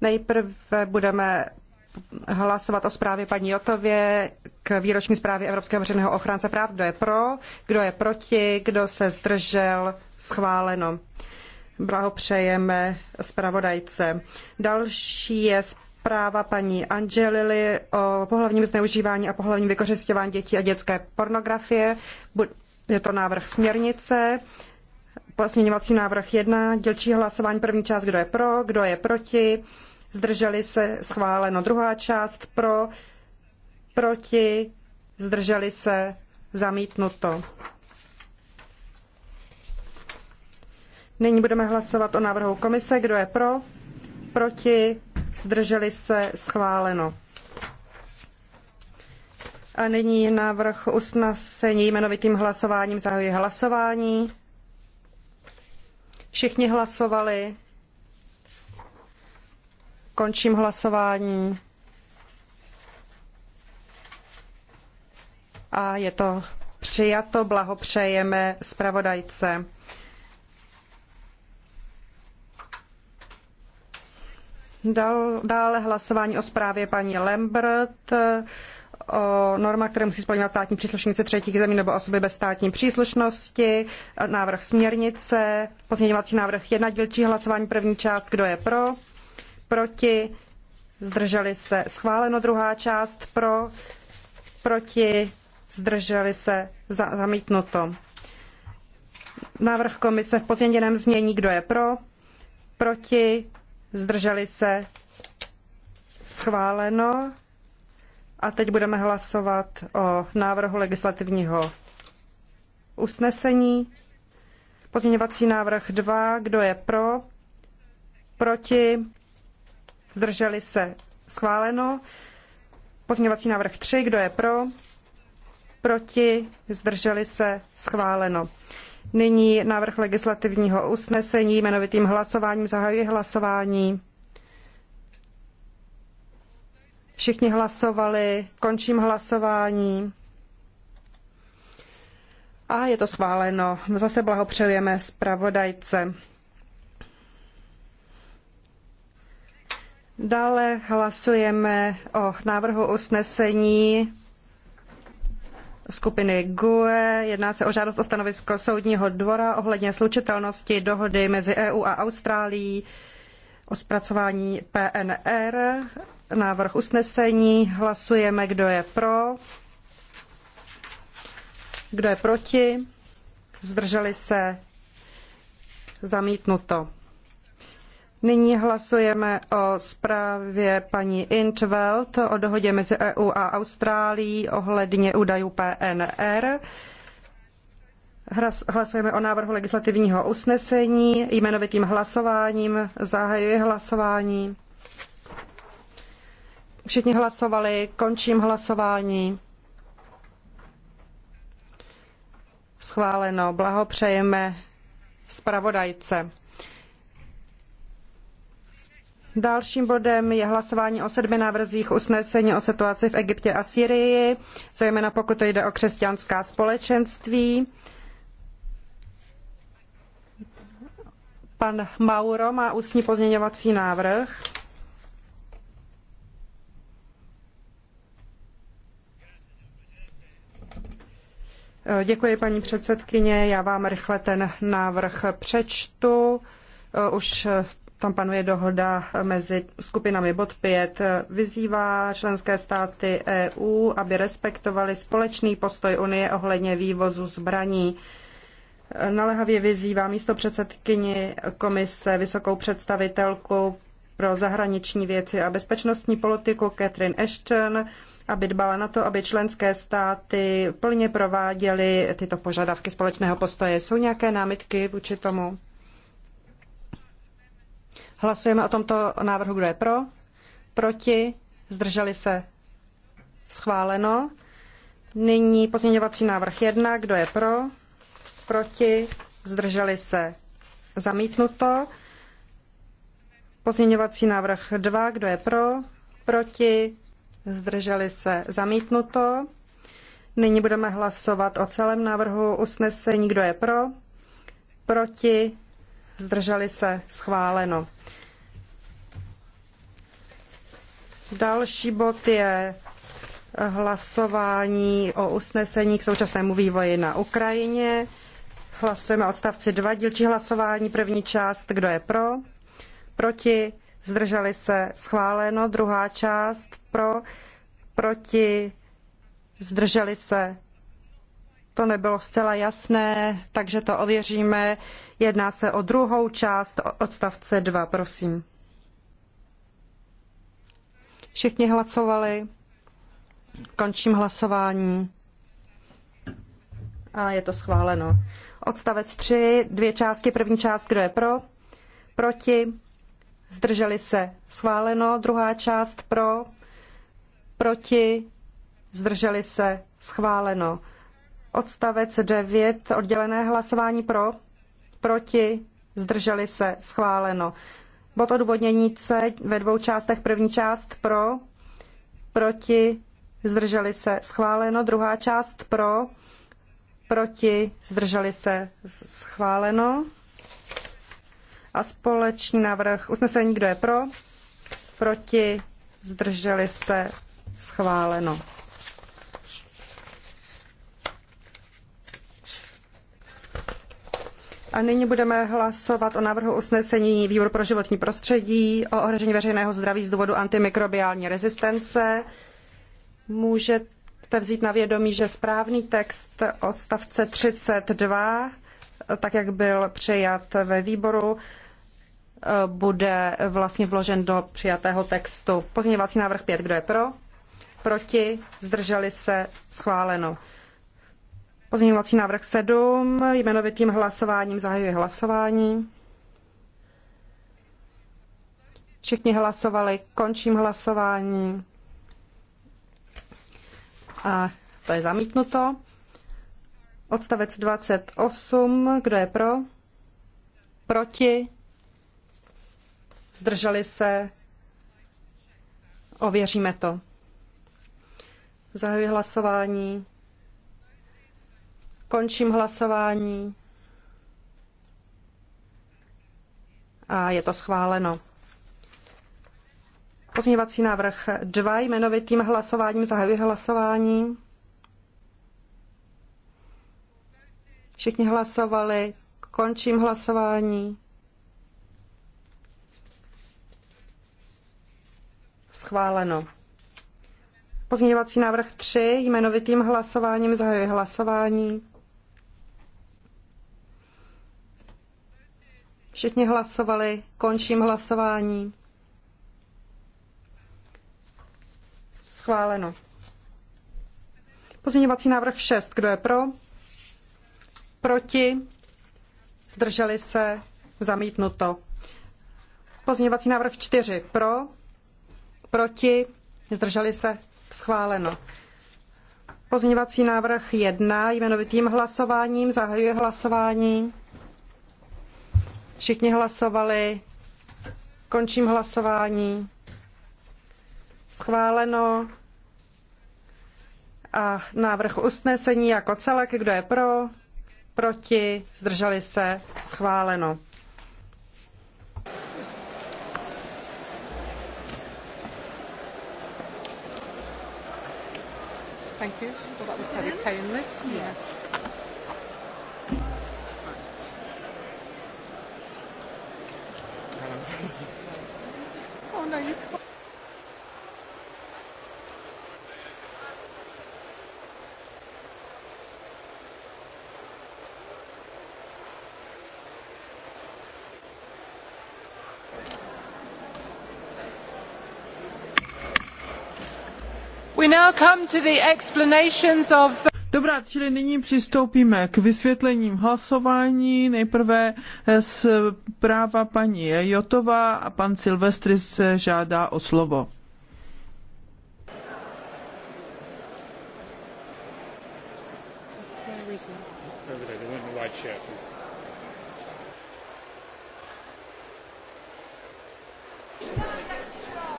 Nejprve budeme hlasovat o zprávě paní Jotově k výroční zprávě Evropského veřejného ochránce práv. Kdo je pro, kdo je proti, kdo se zdržel, schváleno. Blahopřejeme zpravodajce. Další je zpráva paní Angelily o pohlavním zneužívání a pohlavním vykořišťování dětí a dětské pornografie. Je to návrh směrnice. Pozměňovací návrh 1, dělčí hlasování, první část, kdo je pro, kdo je proti, zdrželi se, schváleno. Druhá část pro, proti, zdrželi se, zamítnuto. Nyní budeme hlasovat o návrhu komise, kdo je pro, proti, zdrželi se, schváleno. A nyní návrh usnesení jmenovitým hlasováním zahajuji hlasování. Všichni hlasovali. Končím hlasování. A je to přijato. Blahopřejeme zpravodajce. Dal, dále hlasování o zprávě paní Lambert norma které musí splňovat státní příslušníci třetích zemí nebo osoby bez státní příslušnosti, návrh směrnice, pozměňovací návrh jedna dílčí hlasování první část, kdo je pro, proti, zdrželi se, schváleno druhá část, pro, proti, zdrželi se, za, zamítnuto. Návrh komise v pozměněném znění, kdo je pro, proti, zdrželi se, schváleno a teď budeme hlasovat o návrhu legislativního usnesení. Pozměňovací návrh 2. Kdo je pro? Proti? Zdrželi se? Schváleno. Pozměňovací návrh 3. Kdo je pro? Proti? Zdrželi se? Schváleno. Nyní návrh legislativního usnesení jmenovitým hlasováním. Zahajuji hlasování. Všichni hlasovali, končím hlasování. A je to schváleno. Zase blahopřejeme zpravodajce. Dále hlasujeme o návrhu usnesení skupiny GUE. Jedná se o žádost o stanovisko Soudního dvora ohledně slučitelnosti dohody mezi EU a Austrálií o zpracování PNR. Návrh usnesení. Hlasujeme, kdo je pro. Kdo je proti? Zdrželi se? Zamítnuto. Nyní hlasujeme o zprávě paní Intveld o dohodě mezi EU a Austrálií ohledně údajů PNR. Hlasujeme o návrhu legislativního usnesení jmenovitým hlasováním. Zahajuji hlasování. Všichni hlasovali, končím hlasování. Schváleno. Blahopřejeme zpravodajce. Dalším bodem je hlasování o sedmi návrzích usnesení o situaci v Egyptě a Syrii, zejména pokud to jde o křesťanská společenství. Pan Mauro má ústní pozměňovací návrh. Děkuji, paní předsedkyně. Já vám rychle ten návrh přečtu. Už tam panuje dohoda mezi skupinami bod 5. Vyzývá členské státy EU, aby respektovali společný postoj Unie ohledně vývozu zbraní naléhavě vyzývá místo předsedkyni komise vysokou představitelku pro zahraniční věci a bezpečnostní politiku Catherine Ashton, aby dbala na to, aby členské státy plně prováděly tyto požadavky společného postoje. Jsou nějaké námitky vůči tomu? Hlasujeme o tomto návrhu, kdo je pro, proti, zdrželi se schváleno. Nyní pozměňovací návrh 1, kdo je pro, proti, zdrželi se, zamítnuto. Pozměňovací návrh 2, kdo je pro, proti, zdrželi se, zamítnuto. Nyní budeme hlasovat o celém návrhu usnesení, kdo je pro, proti, zdrželi se, schváleno. Další bod je hlasování o usnesení k současnému vývoji na Ukrajině. Hlasujeme odstavci 2, dílčí hlasování, první část, kdo je pro, proti, zdrželi se, schváleno, druhá část, pro, proti, zdrželi se, to nebylo zcela jasné, takže to ověříme. Jedná se o druhou část odstavce 2, prosím. Všichni hlasovali. Končím hlasování a je to schváleno. Odstavec 3, dvě části, první část, kdo je pro, proti, zdrželi se, schváleno, druhá část pro, proti, zdrželi se, schváleno. Odstavec 9, oddělené hlasování pro, proti, zdrželi se, schváleno. Bod odvodnění C ve dvou částech, první část pro, proti, zdrželi se, schváleno, druhá část pro, proti, zdrželi se, schváleno. A společný návrh usnesení, kdo je pro, proti, zdrželi se, schváleno. A nyní budeme hlasovat o návrhu usnesení Výboru pro životní prostředí o ohrožení veřejného zdraví z důvodu antimikrobiální rezistence. Můžete převzít na vědomí, že správný text odstavce 32, tak jak byl přijat ve výboru, bude vlastně vložen do přijatého textu. Pozměňovací návrh 5, kdo je pro? Proti? Zdrželi se? Schváleno. Pozměňovací návrh 7, jmenovitým hlasováním zahajuje hlasování. Všichni hlasovali, končím hlasování a to je zamítnuto. Odstavec 28, kdo je pro? Proti? Zdrželi se? Ověříme to. Zahajuji hlasování. Končím hlasování. A je to schváleno. Pozměňovací návrh 2 jmenovitým hlasováním zahajuje hlasování. Všichni hlasovali. Končím hlasování. Schváleno. Pozměňovací návrh 3 jmenovitým hlasováním zahajuje hlasování. Všichni hlasovali. Končím hlasování. Schváleno. Pozměňovací návrh 6. Kdo je pro? Proti? Zdrželi se? Zamítnuto. Pozměňovací návrh 4. Pro? Proti? Zdrželi se? Schváleno. Pozměňovací návrh 1 jmenovitým hlasováním. zahajuje hlasování. Všichni hlasovali. Končím hlasování. Schváleno a návrh usnesení jako celek. Kdo je pro? Proti? Zdrželi se? Schváleno. Thank you. Well, that was very painless. Yes. Of... Dobrá, čili nyní přistoupíme k vysvětlením hlasování. Nejprve z eh, práva paní Jotová a pan Silvestris se žádá o slovo.